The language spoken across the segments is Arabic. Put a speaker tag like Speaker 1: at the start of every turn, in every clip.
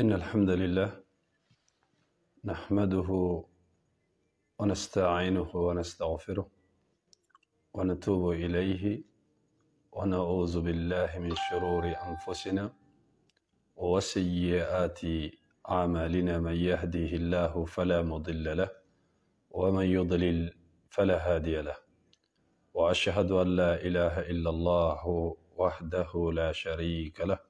Speaker 1: إن الحمد لله نحمده ونستعينه ونستغفره ونتوب إليه ونعوذ بالله من شرور أنفسنا وسيئات أعمالنا من يهديه الله فلا مضل له ومن يضلل فلا هادي له وأشهد أن لا إله إلا الله وحده لا شريك له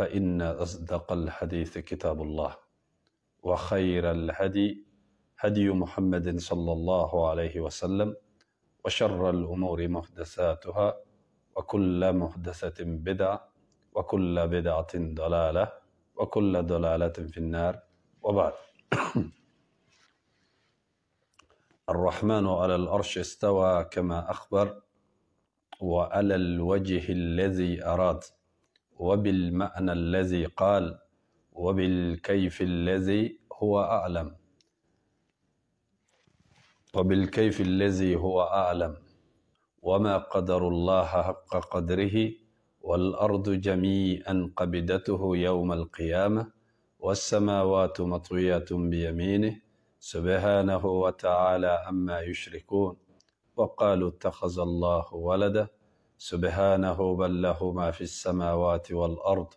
Speaker 1: فإن أصدق الحديث كتاب الله وخير الهدي هدي محمد صلى الله عليه وسلم وشر الأمور محدثاتها وكل محدثة بدعة وكل بدعة ضلالة وكل ضلالة في النار وبعد الرحمن على الأرش استوى كما أخبر وعلى الوجه الذي أراد وبالمعنى الذي قال وبالكيف الذي هو أعلم وبالكيف الذي هو أعلم وما قدر الله حق قدره والأرض جميعا قبدته يوم القيامة والسماوات مطويات بيمينه سبحانه وتعالى عما يشركون وقالوا اتخذ الله ولده سبحانه بل له ما في السماوات والأرض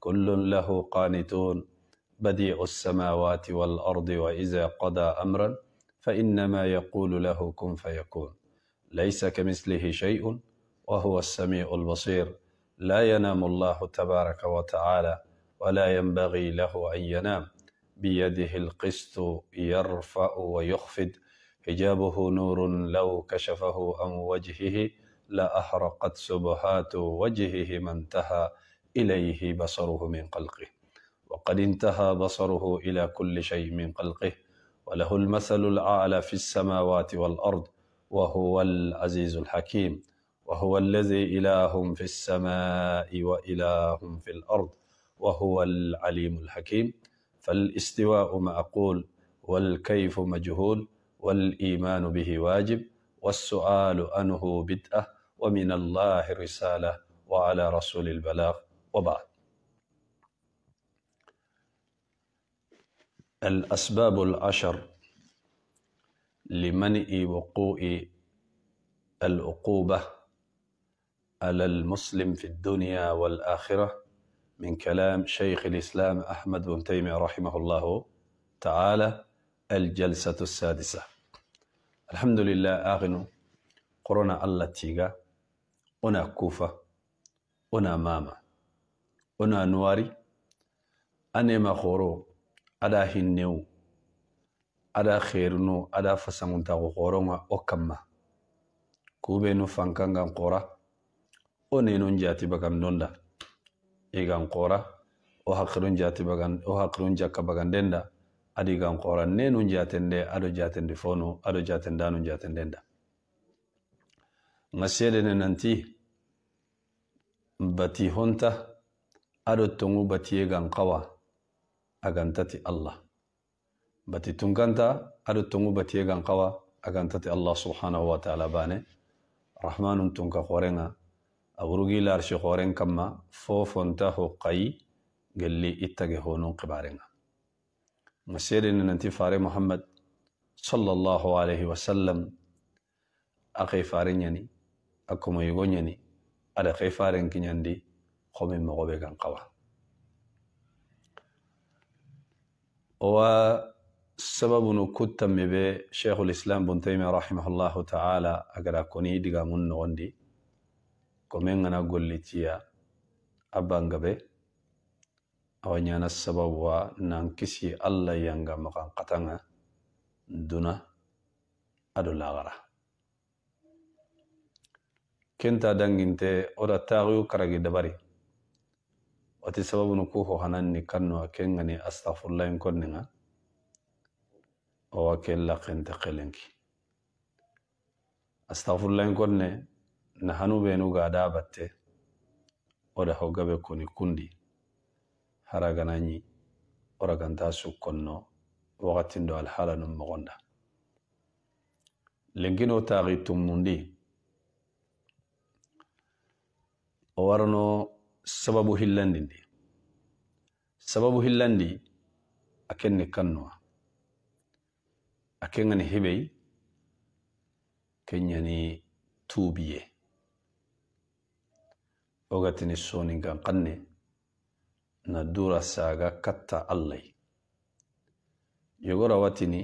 Speaker 1: كل له قانتون بديع السماوات والأرض وإذا قضى أمرا فإنما يقول له كن فيكون ليس كمثله شيء وهو السميع البصير لا ينام الله تبارك وتعالى ولا ينبغي له أن ينام بيده القسط يرفع ويخفض حجابه نور لو كشفه عن وجهه لأحرقت سبحات وجهه ما انتهى إليه بصره من خلقه وقد انتهى بصره إلى كل شيء من خلقه وله المثل الأعلى في السماوات والأرض وهو العزيز الحكيم وهو الذي إله في السماء وإله في الأرض وهو العليم الحكيم فالاستواء معقول والكيف مجهول والإيمان به واجب والسؤال أنه بدأة ومن الله الرسالة وعلى رسول البلاغ وبعد الأسباب العشر لمنع وقوع العقوبة على المسلم في الدنيا والآخرة من كلام شيخ الإسلام أحمد بن تيمية رحمه الله تعالى الجلسة السادسة الحمد لله آغنو قرون الله تيغا ona kufa ona mama ona nuwari anema horo ada hinnewu ada herunu ada fasanguntaku horonga okamma kamma kubenu fankangan kora o nenun jati bagan donda igan kora o hakirun jati bagan o hakrun jakka bagan denda adi gan kora nenun jatende ado jatende fonu ado jatendanu jatendenda ngasherene nanti bati honta ado tongu bati egan qawa agantati Allah bati tunganta ado tongu bati egan qawa agantati Allah subhanahu wa ta'ala bane rahmanun tunka khorenga awrugi larshi khoren kamma fofonta huqai gelli ittage honun qibarenga ngasherene nanti fare Muhammad sallallahu alaihi wasallam akhay farenyani a komo yigo ada fei faren kiɲandi homin mogo be kan kawa owa sababu sababunu kuttanmi be sheikhul islam bun taimia rahimahullahu taala agada koni digamun nogondi komen gana gollitiya a bangabe awa ɲana sababuwa nan kisi allah yanga makan katanga duna ado lagara kenta danginte ora taxuyu karagi dabari wati sababunu ku ho hananni kannuwa kengani astahfirullah in konninga owa ken lakente xelenki astahfirullah in konne na hanubenu gada batte oda ho gabe kuni kundi haraganañi ora ganta sukkonno waxatin do alhala num moxonda lenkino taxi tummundi o warno sababu hillandi ndi sababu hillandi akenni kannuwa akengani heɓey kenyani tuubiye ogatini soninkan kanne na dura saaga katta allay yogora watini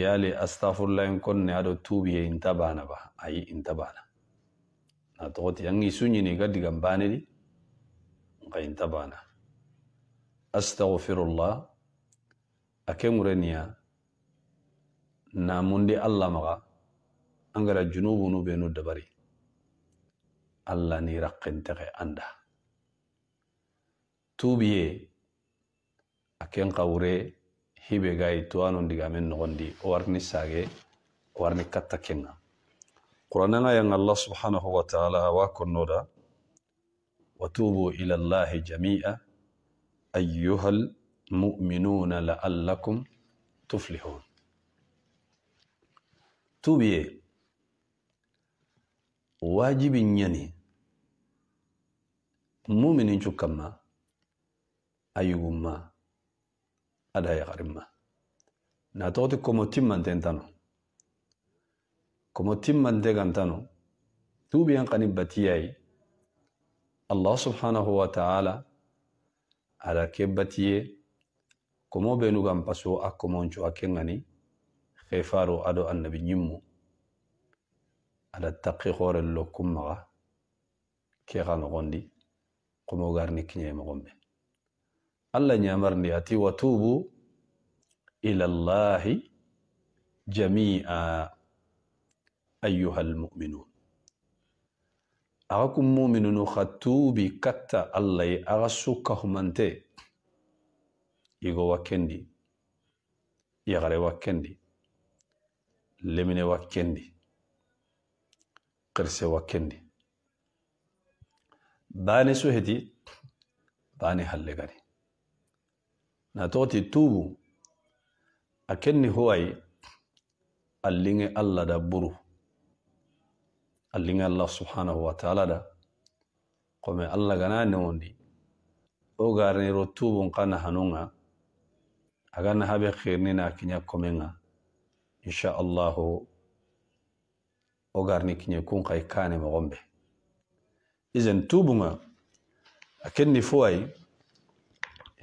Speaker 1: yali astafurlahin konne aɗo tuubiye inta banaba ayi inta bana na yang isunyi ni ga gambani ya. di kain tabana astaghfirullah akemurenia na mundi allah maga angara junubu nu benu dabari allah ni anda tubiye aken qawre hibe gai tuwanon digamen nogondi warni sage warni katta kenga قرآننا yang الله سبحانه وتعالى ta'ala نورا kunnoda وتوبوا إلى الله جميعا أيها المؤمنون لعلكم تفلحون توبيه واجب يني مؤمن كما أيهما ألا يغرم ناتوتكم تمن تنتنو كمتم من دغن تنو توبيان قنبتياي الله سبحانه وتعالى على كبتيه كمو بينو غم بسو أكمونجو أكينغني خيفارو أدو النبي نمو على التقي خور اللو كمغا كيغان غندي قمو غارني كنيه مغمبه الله نيامرني أتي وتوبوا إلى الله جميعا ayyuhal muminu aga kun mu'minunu khattubi katta allahi aga sukka humante igo wakendi yagare wakendi lemine wakendi qirse wakendi bane su heti bane hallegani na toti tubu akenni huwayi allinge allah da buru اللين الله سبحانه وتعالى قم الله جنا نوندي أوغارني رتبون قنا هنونا أجانا هذا خير نينا كنيا كمينا إن شاء الله أوغارني كنيا كون قاي كاني مغمبة إذن توبونا أكن نفوي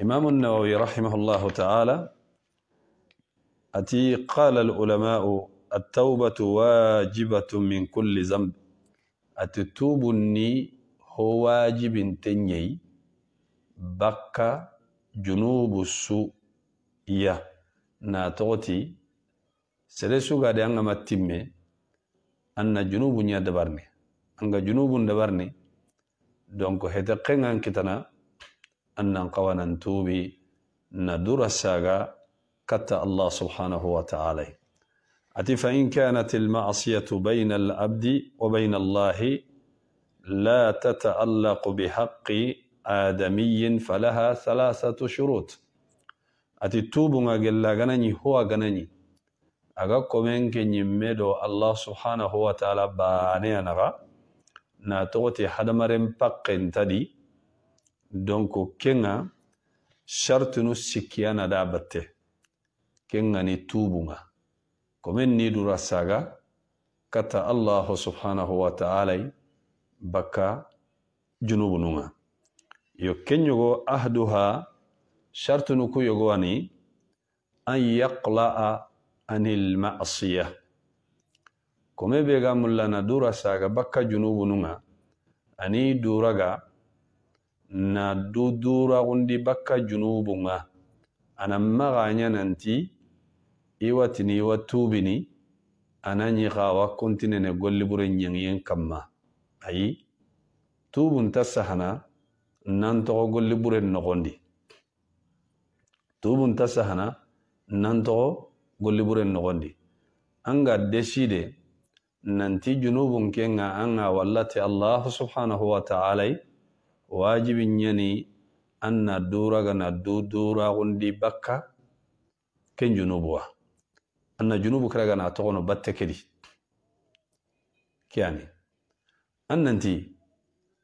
Speaker 1: إمام النووي رحمه الله تعالى أتي قال العلماء التوبة واجبة من كل ذنب ati ni ho wajibin tenyei bakka junubu su ya na toti sere sugade anga mattimme anna junubu nya dabarne anga junubun dabarne donc hete kengan kitana anna qawanan tubi na dura saga Kata allah subhanahu wa ta'ala أتي فإن كانت المعصية بين الأبد وبين الله لا تتألق بحق آدمي فلها ثلاثة شروط أتي توبنا جل غنني هو غنني أغا كومن كنيمدو الله سبحانه وتعالى باني نغا ناتوتي حدمرن بقن تدي دونكو كنا شرط نسكيانا دابته كينا نتوبنا ko min ni durasaga katta allahu subhanahu wa ta'alay bakka junubu nunga yo kenyogo ahduha shartu nuku yogowani an yaqla'a ani lmasiya kome bega mullana durasaga bakka junubu nunga ani duraga na du dura undi bakka junubu nga ana maganya nanti iwatini tubini ananyi gawa kontinene golli bure kanma kamma ayi tubun tasahana nan togo golli bure nogondi tubun tasahana nan togo golli deside nanti junubun kenga anga wallati allah subhanahu wa ta'ala wajibin yani anna duraga na du duragundi bakka ken junubuwa anna junubu kiraga na togono batte kedi kiyani annanti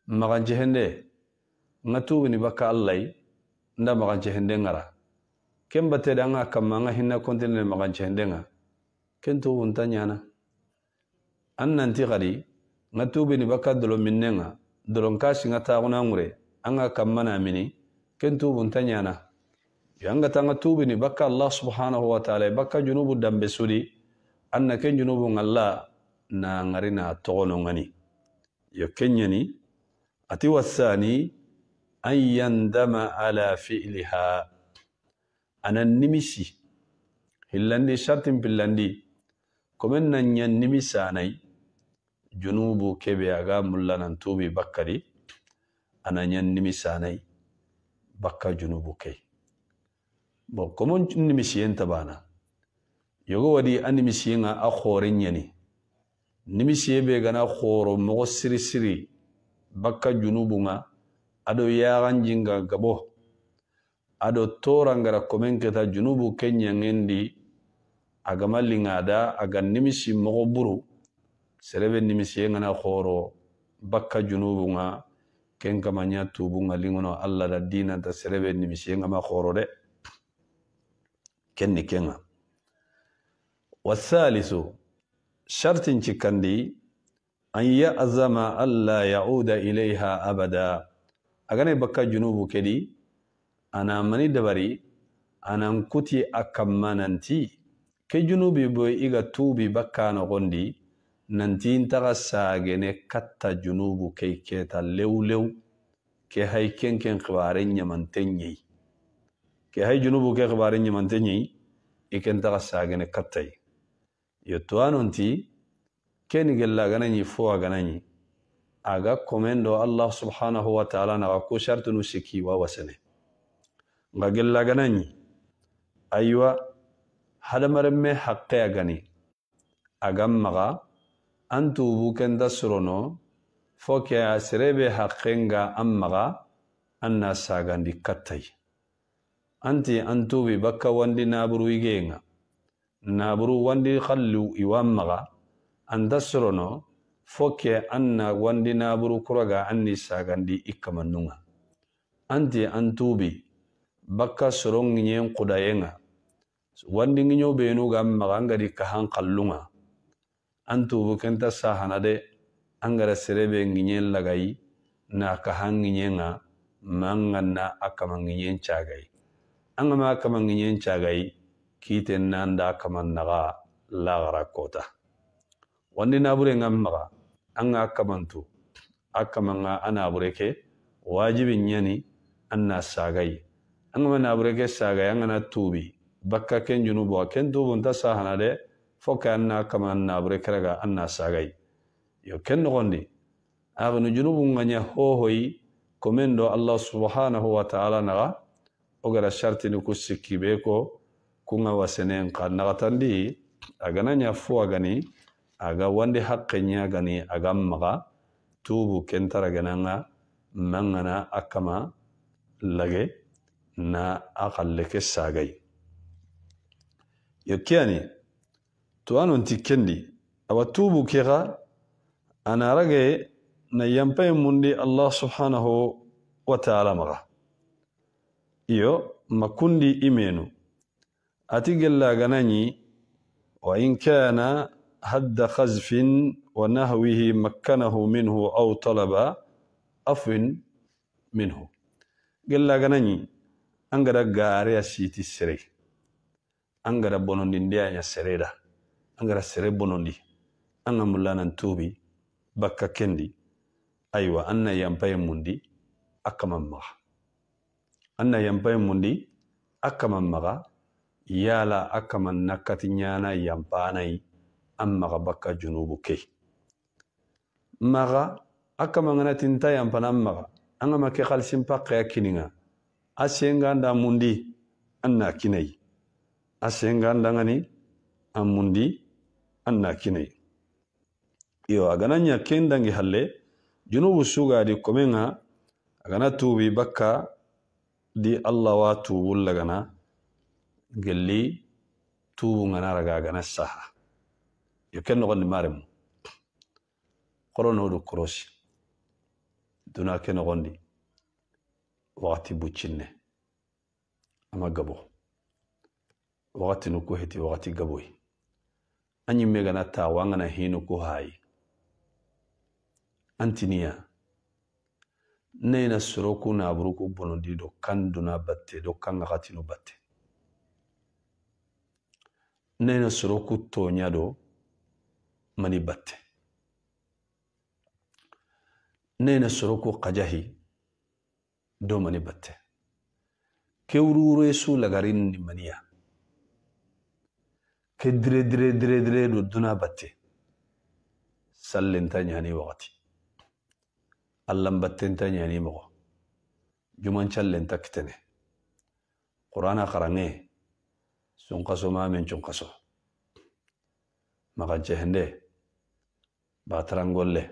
Speaker 1: maganche hende nga ni bakka allai nda maganche hende ngara ken battede anga kamma nga hinna kontinene maganche hende nga ken tubunta ñana annanti gadi nga ni bakka dolo minne nga dolo kashi nga taaguna ngure anga kamma na mini ken tubunta nyana. yangatanga tuubini bakka allah subhanahu wataala e bakka junubu dambe sudi anna ke junubu ngalla na ngarina togono ngani yo kenyani ati wasani an yandama ala filiha anan nimisi hillandi shartin pillandi komin nan yan nimisanai junubu kebe aga mullanan tuubi bakkadi anan yan nimisanai bakka junubu kei bo komon nimisiyen bana. yogo wadi a nimisiyen ga a ni mi shiye be gana horo siri siri bakka junubu ado ya ganjinga gabo ado torangara komen keta junubu ngendi? ɲangendi agama lingada aga nimisi mogoburu. buru serebe nimisiye gana khoro bakka junubu ga ken kama tubu ga lingono allah da dinanta serebe nimisiye gama khoro de kenni kenga wasalisu shartin cikandi an yi azama Allah ya'uda ilaiha abada agane baka junubu kedi ana mani dabari anan kuti akammananti ke junubi boy iga tubi na gondi nanti intaga saagene katta junubu kei keta lew lew ke hay ken ken kibaren ke hay junubu ke khabari nyimante nyi iken taga sagene yottu anonti keni gella gana nyi fo gana aga komendo allah subhaanahu wa ta'ala na ko shartu nu siki wa wasane nga gella gana nyi aywa hadamaramme haqqe agani agam maga antu bukenda surono fo ke asrebe an ammaga anna sagandi kattai anti an tuubi bakka wandi naaburu igeenga naaburu wandi xallu iwammaxa anta sorono fokke an na wandi naaburu kuraga an ni sagandi i kamannunga anti an tuubi bakka soronŋiɲen xudayenga wandinŋiɲo benuga n maxa an gadi kahan xallunga an tuubu kenta sahana de an gada serebe ŋiɲen lagayi na kahan ŋiɲenga man ŋanna a kamanŋiɲen cagayi an ga ma kaman ginyen cagai kiten nan da kaman naga lagara kota wani na bure nga maga an ga kaman tu a kaman nga ana bure ke wajibin yani an na sagai an ga ma na bure ke sagai an ga na tubi bakka ken junubu a ken tubun ta sahana de fo ka an na kaman na bure kere ga an na sagai yo ken nukondi a ga nu junubu nga nya hohoi komendo allah subhanahu wa ta'ala naga o gara shartini ku sikki be ko kunga wasenen ka nagatandi agana ɲa agani aga wandi hakke ɲa gani aga maga tubu kentara gananga mangana akama lage na akalleke sagay yokkiyani tuwanonti kendi awa tubu kega anarage na yampaye mundi allah subhanahu wa taala maga iyo makundi imenu atigellaaganani wain kaana hadda khazfin wa nahwihi makkanahu minhu au talaba afwin minhu gellaaganani an gada gaareya siiti sere an gada bonondindeyaña sereda an gada sere bonondi an ga mullanan tuubi bakka kendi aywa an yampaye mundi a kaman anna yampai mundi akaman maga yala akaman nakati nyana yampanai ammaga bakka junubu kei maga akaman ngana tinta yampana ammaga anga make khalsin pakka yakininga asenga anda mundi anna kinai asenga anda ngani amundi anna kinai iyo agana kendangi halle junubu sugadi komenga agana tubi bakka di allah wa tuubulla lagana gelli tubu ngana ragaa gana saha yoken nogondi maaremu qoronodu korosi duna ke nogondi wakati buccinne ama gabo wakati nuku heti wakati gaboyi an yimme gana taawa an gana hiinu ku haayi antiniya nena soroku na buruku bonondi do kan duna batte do kan gatino batte nena soroku tonya do mani batte nena soroku qajahi do mani batte kewrure su lagarin ni maniya ke dire dire dire do duna batte sallenta nyani wakati allambatten ta nyani mogo juman challen takitene qur'ana qarange sun qaso ma men chun magan chehende batran golle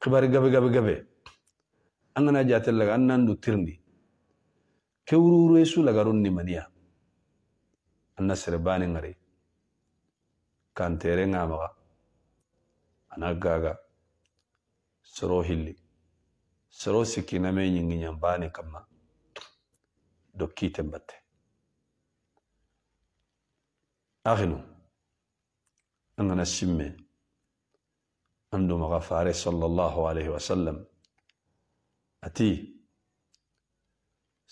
Speaker 1: khibari gabe gabe gabe angana jatel laga annan du tirni kewruru esu laga ronni maniya anna serbani ngari kantere ngamaga gaaga soro hilli soro siki name ñingiñam bani kamma do kiite batte ahinu a ngana simme an du maxa fare salallahu alayhi wasallam ati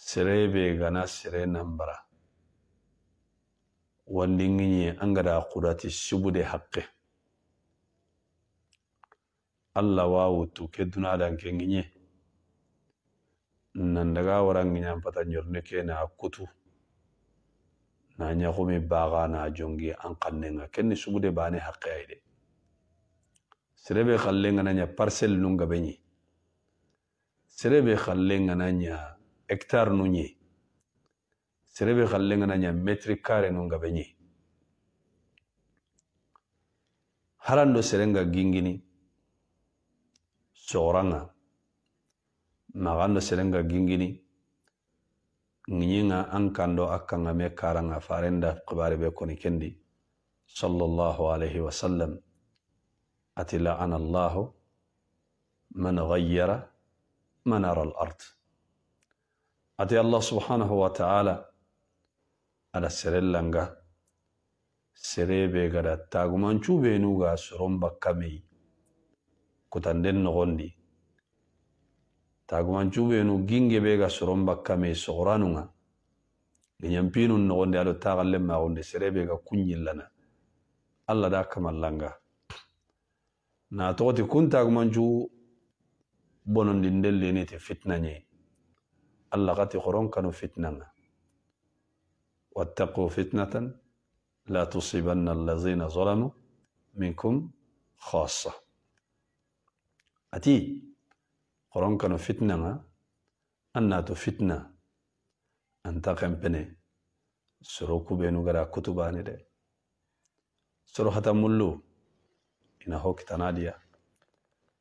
Speaker 1: sere be gana sere nambara wandiŋiñe a ngada xudati subude haqqe allah wa wuttu ke dunadan ke ŋiñe nan daga waran ginyan patan yorne ke na kutu na nya kumi baga na jongi an kanne nga kenni sugude bane hakke ayde serebe khalle nga nya parcel nunga benyi serebe khalle nga nya hectare nunyi serebe khalle nga nya metri kare nunga benyi harando serenga gingini soranga maganda selenga gingini nginyenga ankando akanga me karanga farenda kubare be koni sallallahu alaihi wasallam ati la'ana allah man ghayyara manar al-ard ati allah subhanahu wa ta'ala ada serellanga serebe gada tagumancu benuga soron bakkame kutanden nogondi taagumancuubeenu ginge beega soron bakkame sogoranunga genyampiinun nogonde alo taaqalle maagonde seree beega kunyillana alla daa kamallanga naa togoti kun taagumancuu bonondindelleeniiti fitnanye alla qati qoron kanu wattaquu fitnatan laa minkum atii qoronkano fitnaŋa ah. aŋ naato fitna anta kempene soro kubenu gara kutubani de soro hata mullu ina ho kitanadiya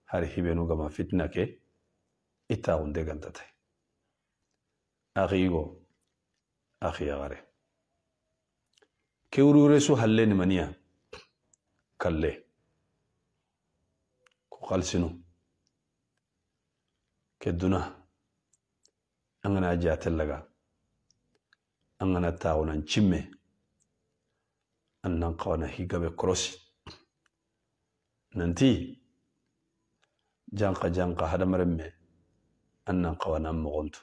Speaker 1: har hibenu gama fitna ke itta hunde gantate akiigo akiyagare kewruuresu hallenimaniya kalle ku kalsinu kedduna angana jatellaga angana tawunan cimme annan kawana higabe korosi nanti janka janka hadamaremme annan kawanan mogontu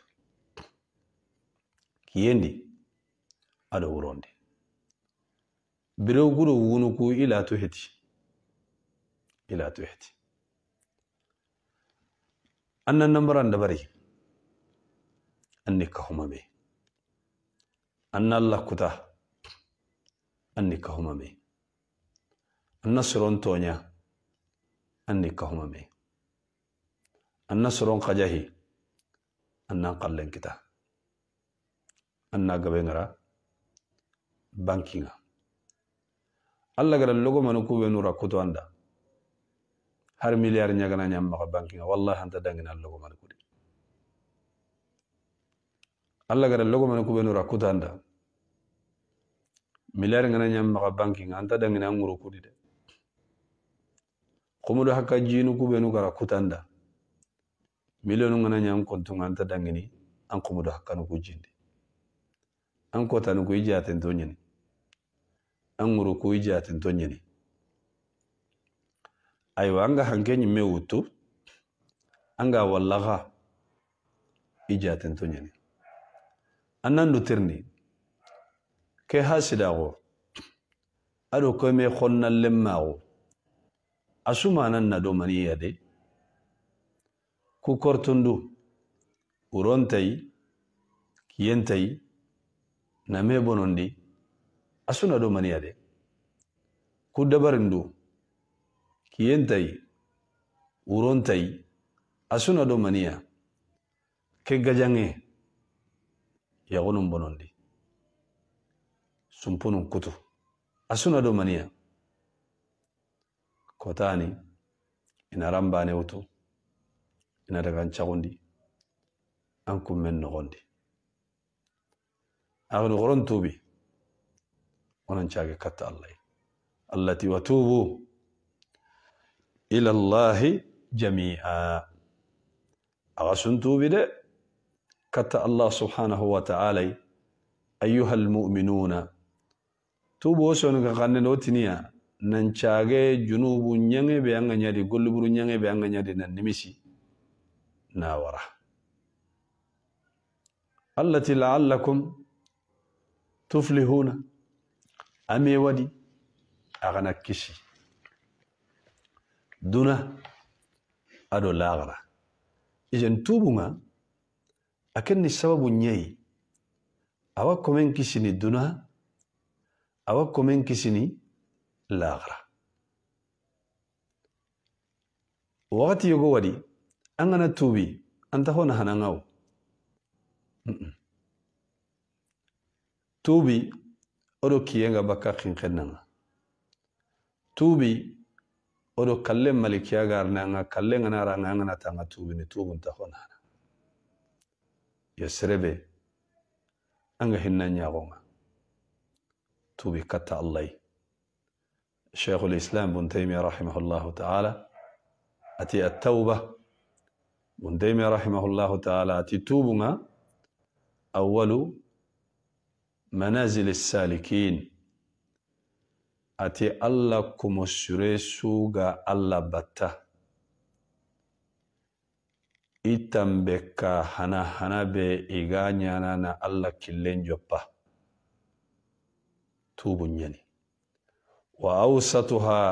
Speaker 1: kiyendi ado wurondi birew gudo wunuku ilatu heti ilatu heti أنا النمبر أنا بري أني كهما بي أنا الله كتا أني كهما بي أنا سرون تونيا أني كهما بي أنا سرون قجاهي أنا قلن كتا أنا قبنغرا بانكينا الله قال اللغو منكو بنورا كتو عنده har milliard ñagana ñam maka banki nga wallahi anta dangina logo man kudi alla gara logo man kubenu rakutanda milliard ngana ñam maka banki anta dangina nguru kudi de kumudu hakka jinu kubenu gara kutanda milionu ngana ñam kontu anta dangini an kumudu hakka nuku jindi an kota nu ijaten to ñini an nguru ku aywa anga hanke ñimme wuttu anga wallaxa i jatento ñani annan dutirni ke hasidaxo aɗo koyme xonnallen maxo a sumanan na do maniya de ku kortundu urontayi kiyentai na me bonondi asuna do maniya de ku dabarindu kiyentay urontay asuna do maniya ke gajange yagunun bonondi sumpunun kutu asuna do maniya kotani ina rambane wutu ina dagan cagundi an kunmen nogondi agni goron tubi onan cage katta allahy allati watubu إلى الله جميعا أغسن توبدا كت الله سبحانه وتعالى أيها المؤمنون توبوا سنك قننوتنيا ننشاغي جنوب نيانغي بيانغا نيادي قلبرو نيانغي بيانغا نيادي ننمسي ناورا التي لعلكم تفلحون أمي ودي أغنى كشي duna ado lagara ijen tubunga ni sababu nyei awa komen kisini duna awa komen kisini lagara wakati yogo wadi an gana tubi anta taho na tubi odo kiyenga bakka kinken nanga tubi odo kalle malikiya garna nga kalle ngana ra nga ngana ta nga tubi ni tubun ta hona na ya serebe anga hinna nyago nga tubi kata allah شيخ الإسلام بن تيمية رحمه الله تعالى أتي التوبة بن تيمية رحمه الله تعالى أتي توبنا أول منازل السالكين ati Allah kumussureessuu gaa Allah batta. Ittan bekka hana hana bee igaa nyaana na Allah killen joppa. Tuubu Wa awsatuhaa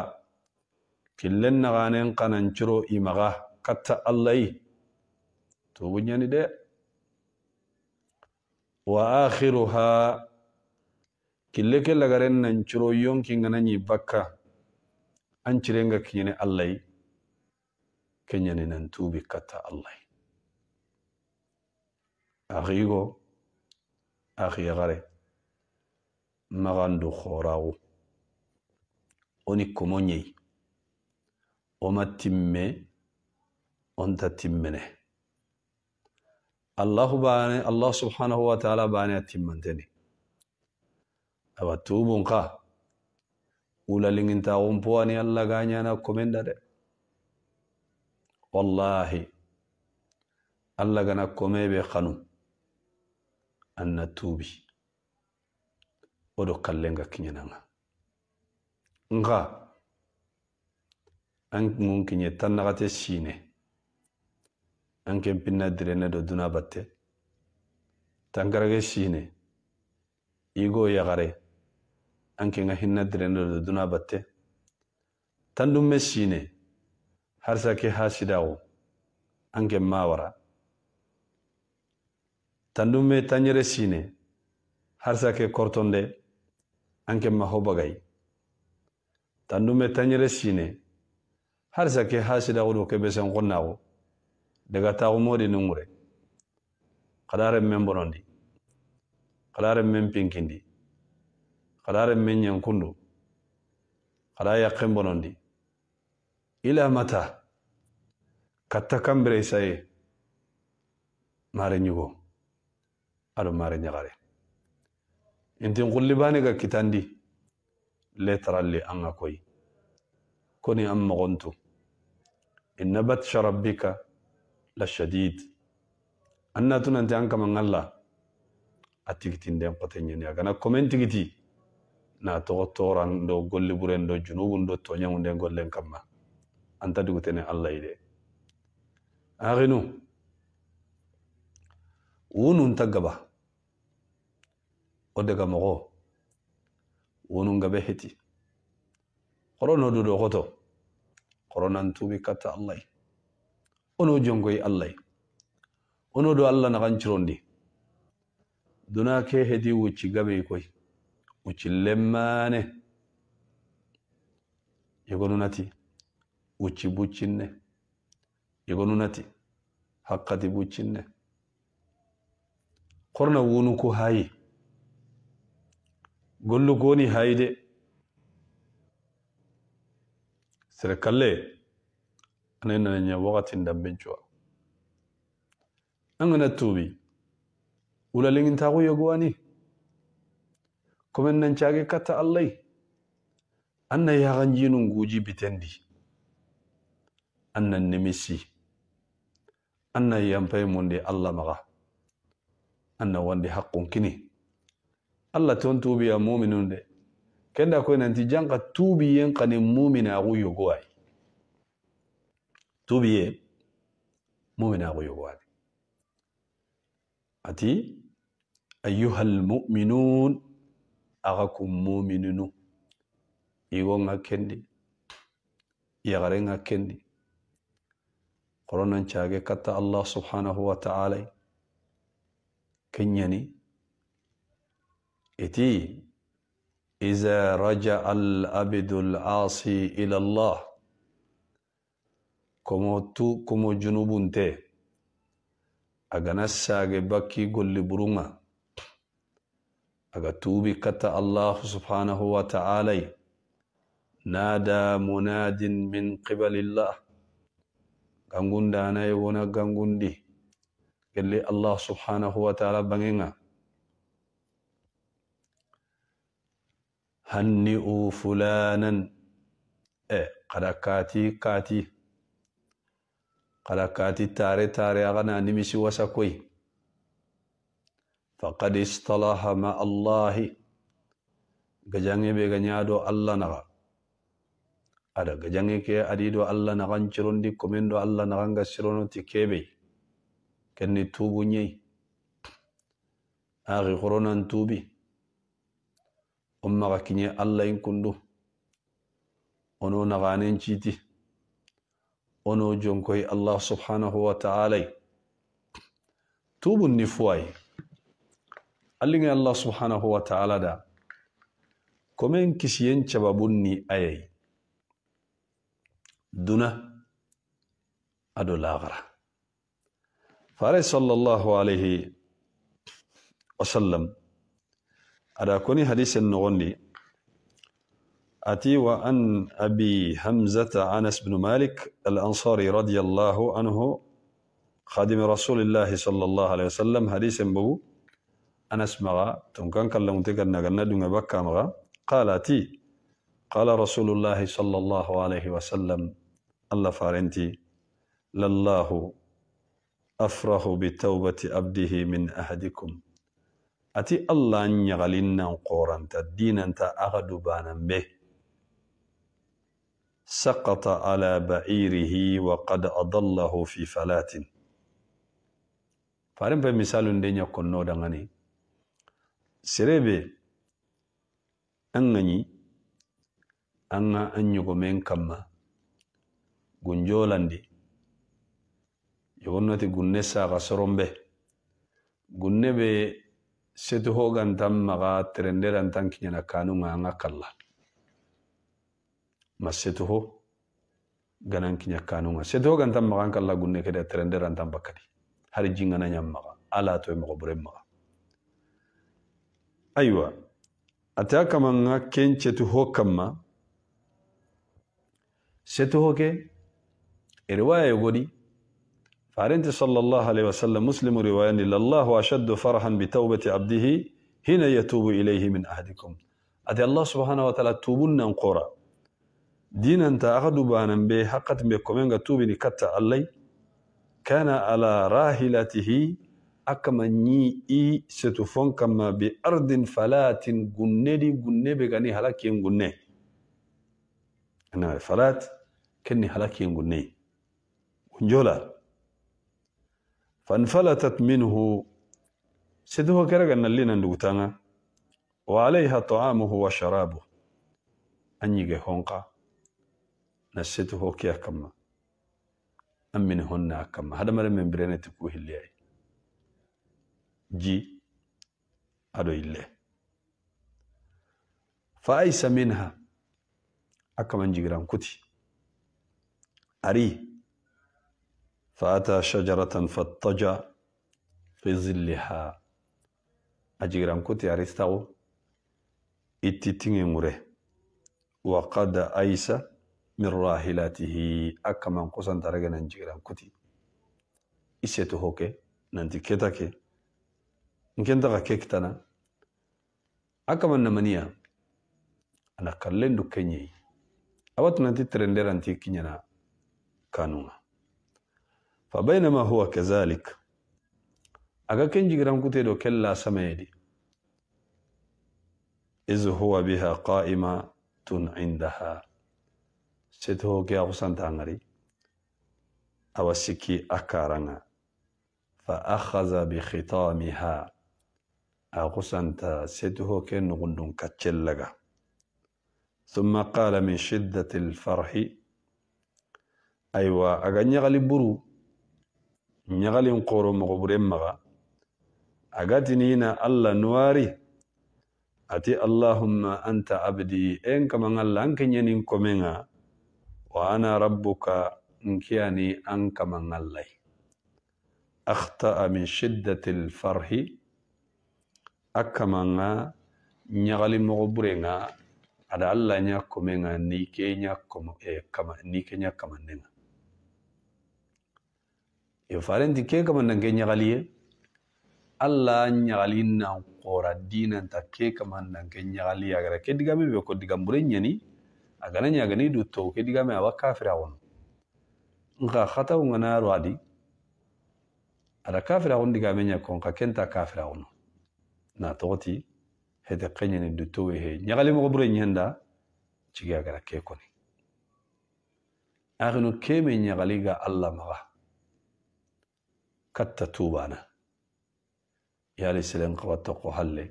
Speaker 1: killeen naqaaneen kanan ciroo imagaa katta Allah yi. Tuubu dee. Wa aakhiruhaa kille ke lagaren nan ciro yonki gananyi bakka an cirenga kiyene allahy kenyani nan tubi katta allahy akiigo akiyagare magandu horagu oni komonyey oma timme onta timmene allahu bane allahu subhaanahu wa taala bane a awa tubun ka wula liginta wumpuwani allah gañana komenɗa ɗe wallahi allah gana komeɓe kanum anna tuubi oɗo kallenga kiñananga nga an gun kiñe tan naxate sine an ken pinna direne do duna batte tankarage sine igo yagare anke nga hinna direndodo duna batte tan ɗum messine har sake ha sidawo anke mawara tan ɗum me tanyere sine har de kortonde anke maho bagay tan ɗum me tanyere sine har ke ha ke ɗo keɓe sen gonnawo daga taxu moɗi nungure qadare men bonondi xaɗaren men pinkindi kadare men yankundu kada yakken bonondi ila mata katta kambire isaye mare ñugo aɗo mare ñagare intin kulli bani ga kitandi letaralli anga koy koni an mogontu inna batsha rabbika la shadid an natunanti an kaman allah a tigitin den kote komen tigiti na togo toran do golli buren do junubun do toñamunde gollen kamma antadigutene allah yide axinu wunun ta gaba wo daga moxo wunun gabe heti xoro no dudo xoto xoro nan tubi katta allahy wono jongoyi allahy wono do allah naxan cirondi duna ke hedi wucci gabe koy uchilemmane egonunati uchi buchinne egonunati haqqati buchinne korna wunuku hayi gollu goni hayde sere kalle anenananya wakatin dambencuwa an gana tubi wulalingintaku yoguwani kuma nan cage kata allai annan yagan jinun guji bitendi annan nimisi annan yanfai munde allah maga annan wande haqqun kini allah ton ya muminun de kenda koy ti janka tubiyen kani mumina agu yogo ay tubiye mumina yi yogo ati ayyuhal mu'minun aga kummumininu igo nga kendi yagare nga kendi qoronan caage kata allah subhanahu wa ta'ala kenyani iti iza raja al العاصي asi الله كمو تو كمو جنوبون تي أغنى الساقي بكي قل برونغا اگا توبي كتا الله سبحانه وتعالى نادى مناد من قبل الله غنغون داناي ونا غنغون دي قال الله سبحانه وتعالى بنغنا هنئوا فلانا إيه قد كاتي كاتي تاري تاري أغنى نمشي وسكوي faqad istalaha ma allahi gajaŋeɓe ga ñaɗo allah naxa aɗa gajaŋe ke aɗiɗo allah naxan cirondi komen ɗo allah naxanga sirono ti keɓey kenni tubu ñey axi xoronan tubi o maxa kiñe allah in kundu ono naxanen citi ono jonkoy allah subhanahu wa ta'alay tubun ni fuway اللي الله سبحانه وتعالى دا كمين كسيين شبابوني اي دونا ادو لاغرا فاري صلى الله عليه وسلم ادا كوني حديث النغني اتي وان ابي همزه انس بن مالك الانصاري رضي الله عنه خادم رسول الله صلى الله عليه وسلم حديث بو أنس مغا تنكن كلم تكن نغن دون بكا مغا قال تي قال رسول الله صلى الله عليه وسلم الله فارنتي لله أفرح بتوبة أبده من أحدكم أتي الله أن يغلنا قورا الدين أنت أغد بانا به سقط على بعيره وقد أضله في فلات فارن بمثال دين يكون نودا غني serebe an anga an ŋa an ɲɔgɔmɛn kanma gunjolandi yogonnati gunne saaka soronbe gunne be setu hogantan maga terenderantan kiɲana kanu ŋa an ŋa ma setu ho ganan kiɲa kanu ŋa setu hogantan maga an gunne kede terenderantan bakkadi hari jingana ɲan maga ala to e mɔgɔ أيوة أتاك من كن شتوه كما هو كي رواية يقولي فارنت صلى الله عليه وسلم مسلم رواية الله أشد فرحا بتوبة عبده هنا يتوب إليه من أحدكم أتى الله سبحانه وتعالى توبنا قرى دين أنت أخذ بانا به بكم أن توبني كتا علي كان على راهلته akama ni i setufon kama bi ardin falatin gunnedi gunnebe gani halaki gunne ana falat kenni halaki gunne unjola فانفلتت منه سدوه كرغن لنا ندوتانا وعليها طعامه وشرابه أنيجي هونقا نسيته كيا كما أمن هنا كما هذا مرة من برينة تكوه اللي ji aɗo yille fa aysa minha akkaman jigiran kuti ari fa ata shajaratan fattaja fi zilliha a jigiran kuti aristaku itti tingengure wa qad aysa من راحلته أكمن قصن ترجع ننجيران كتي إيش تهوك ننتي كتاك nkentaxa kektana a kaman namaniya ana kallen du kenɲei awatunanti terenderanti kiɲana kanunga fa bainama huwa kazalik aga ken kute do kella samedi iz huwa biha tun indaha sete ho ke axusantangari awa awasiki a fa akhaza bikhitamiha أغسنت سده كن غندن كتشلغا ثم قال من شدة الفرح أيوا أغا نيغالي برو نيغالي نقورو مغبرين مغا أغا تنينا الله نواري أتي اللهم أنت عبدي إن كما الله أنك ينين كومينا وأنا ربك إنكياني أنك من الله أخطأ من شدة الفرح akamanga nyagali mogo burenga ada alla nya komenga nike nya komo e eh, kama nike nya kama nenga e farendi ke kama nange nyagali alla nyagali na qora dina ta ke kama nange nyagali agara ke digame be ko digam burenya agana nyagani du to ke digame awa kafira won nga khata ngana rwadi ada kafira won digame nya kon ka kenta kafira won na toxoti hede xeñeni du towe he ñaxali moxo bure ñenda cigi a gara ke koni axino keme ñaxali ga alla maxa katta tubana yali selen xawa toqo halle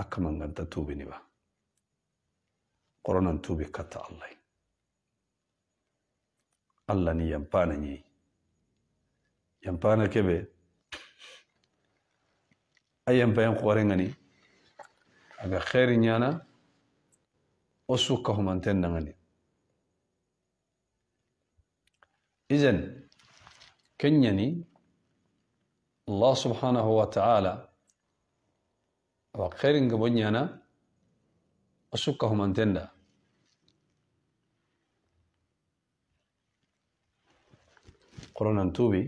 Speaker 1: a kamanganta tubiniba xoronan tubi katta allay alla ni yampana ñi yampana kebe أيام بيان قارنغني أجا خير نيانا أسوك كهمانتين نغني إذن كنيني الله سبحانه وتعالى وخير نغبنيانا أسوك كهمانتين قرنان توبي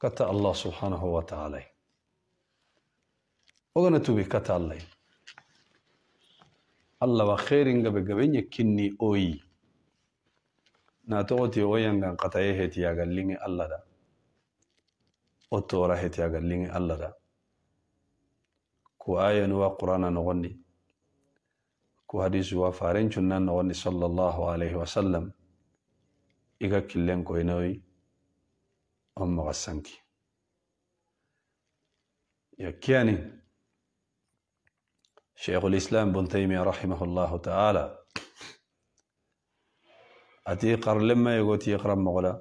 Speaker 1: كتا الله سبحانه وتعالى ogana tubi ka taallay allah waa kheyrin gabegabeenya kinni ooyi naatoqoti oyangan qataye hetiyaga lingi allah da o toora hetiyaga lingi allah da ku aayanu waa qur'aana noqonni ku hadiisu waa faarencunnaa noqonni sala allahu alayhi wasalam iga killenkoynoy on maqasanki yakkianin شيخ الإسلام بن تيمية رحمه الله تعالى أتي قر لما يقول تي يقرأ مغلا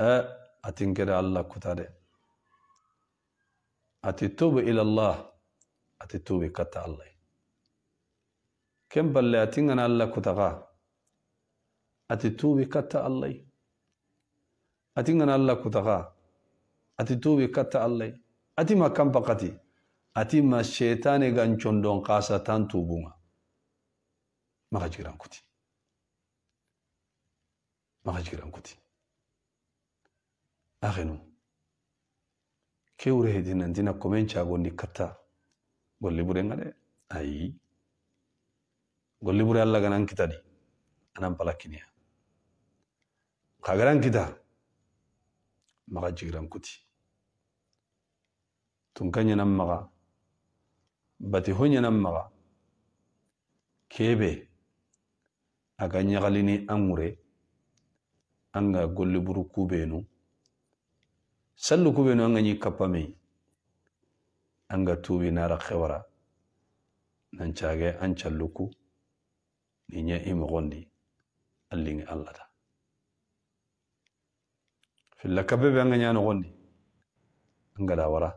Speaker 1: أ أه، أتنكر الله كتاري أتي توب إلى الله أتي توب كتا الله كم بل أتنغن الله كتغا أتي توب كتا الله أتنغن الله كتغا أتي توب كتا الله أتي ما كم بقتي ati ma shetane ganchondon kasa tantu bunga maka jiran kuti maka jiran kuti akhenu keure hedina ndina komencha gondi kata golli bure ngade ayi golli bure alla ganan kitadi anan palakiniya kagaran kita maka jiran kuti tunkanya nan maka bati honyanan maga kebe a ka ɲagalini an ŋure an ga golliburu kubenu sallu kubenu an ga ɲi kappamei an ga tubi nara xewara nan cage an calluku ni ɲe i mogondi an liŋi alla ta filla kappe be an ga ɲa nogondi an gada wara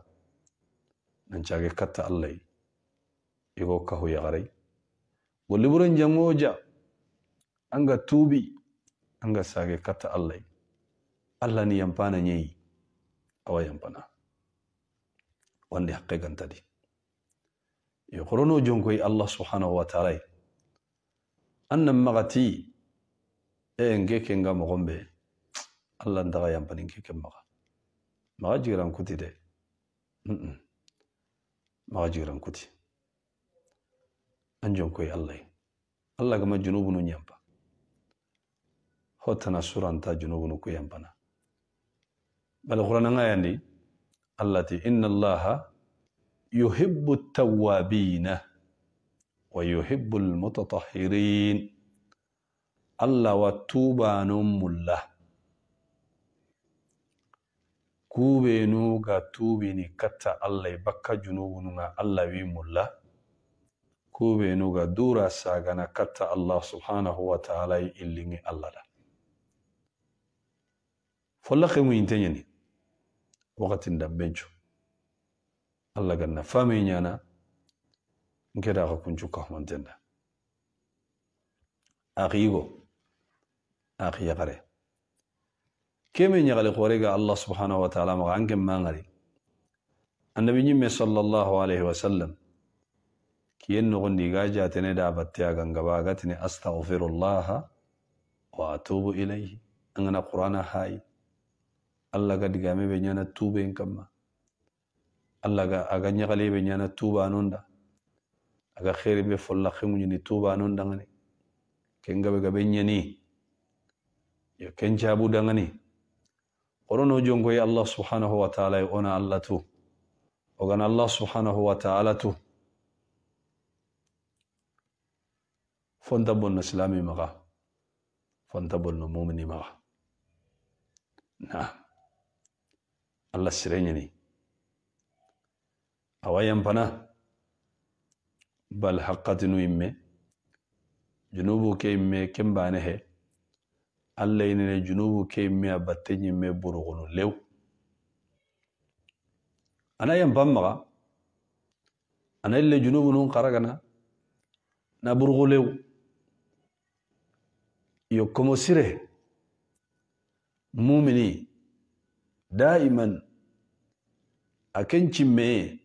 Speaker 1: nan cage katta allai igoo ka hoyaqaray golli buran jamooja anga tuubi anga saage kata allay allah ni yampana ñeyi awa yampana wandi haqqe gantadi yo qorono jonkoy allah subhanahu wa taala annan magati e nge kenga mogonbe allah ndaga yampanin keke maga maga jigiran kuti de maga jigiran kuti أنجم كوي الله الله كما جنوبنا نيمبا هوتنا سورة أنت جنوبنا كوي يمبنا بل قرآن غاياني التي إن الله يحب التوابين ويحب المتطهرين الله وتوبان أم الله كوبينو غا توبيني كتا الله بكا جنوبنا الله بيم الله kuweenuga duurasaagana kata allah subxaanahu watacaala ilingi allala folaqe muinteyani waqatin dambencho allaganna fameñana nkedaaka kuncukahumantenda aqiigo aqi yaqare keme ñakali qorega allah subxaanahu watacaala maga anken maangari annabi ñimme sala allahu alayhi wasallam كين نغني غاجة تندا باتيا غنغبا غتني أستغفر الله وأتوب إليه أننا قرانا هاي الله قد قامي بنيانا توبين كما الله قا أغني غلي بنيانا توبا نوندا أغا خير بفلا خيمو ني توبا نوندا غني كين غبا غبنياني يو كين جابو دغني قرآن جونغوي الله سبحانه وتعالى أنا الله تو وغن الله سبحانه وتعالى تو فندبل نسلامي مغا فندبل نمومني مغا نعم الله سرينيني أوايان بنا بل حقات نويمي جنوبو كيمي كم بانه الله ينين جنوبو كيمي أبتيني مي بروغنو لو أنا يم بام مغا أنا اللي جنوبو نون قرقنا نبرغو لو yokomosire mumini da'iman akan cimme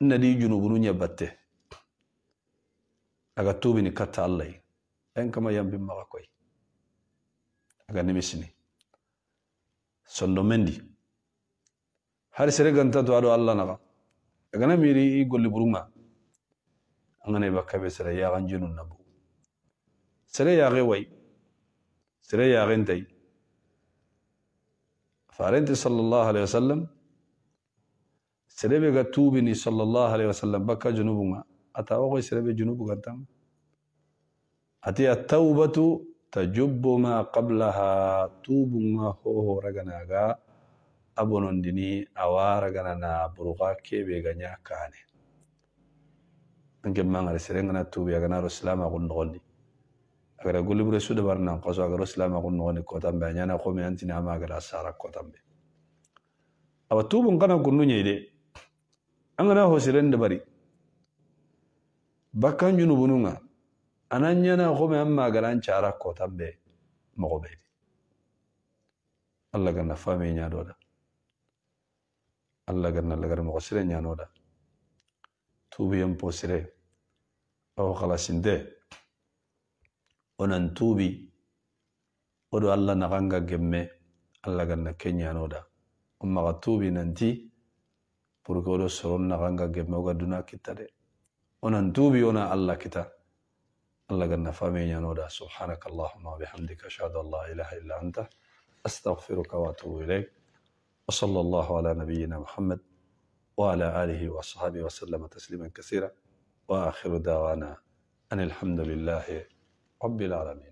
Speaker 1: nadi junubunu nyabatte aga tubini katta allah en kama yambin maga koy aga nimisini sondo mendi har sere ganta to ado allah naga aga na miri i golli burunga angane bakkabe sere yagan jinu nabu sere yage way سريا غنتي فارنتي صلى الله عليه وسلم سريبي غتوبني صلى الله عليه وسلم بكا جنوبنا أتا أغي سريبي جنوب غتام أتي التوبة تجب ما قبلها توب ما هو رغناغا أبونندني أوارغنا برغا كيبي غنيا كاني نجمع على سرينغنا توبي غنا رسلام أقول agara golibure suda barna qaso agaro islam aqun noni kotam be nyana ko me antina agara sara kotam be aba tubun kana kunnu nyede angana ho sirende bari bakkan yunu bununga anan yana ko me amma agara cara kotam be mago be Allah ganna fami nya doda Allah ganna lagar mago sire nya noda tubu yem posire aw khalasinde onan tuubi oɗo allah naganga gemme allah ganna kenyanoɗa on maga tuubi nanti pour que oɗo soron naganga gemme oga duna kitta de onan tuubi ona allah kita allah ganna famenyanoɗa subhanaka allahuma wabihamdika ashhadu an la ilaha illa anta استغفرك واتوب اليك وصلى الله على نبينا محمد وعلى آله وصحبه وسلم تسليما كثيرا وآخر دعوانا أن الحمد لله رب العالمين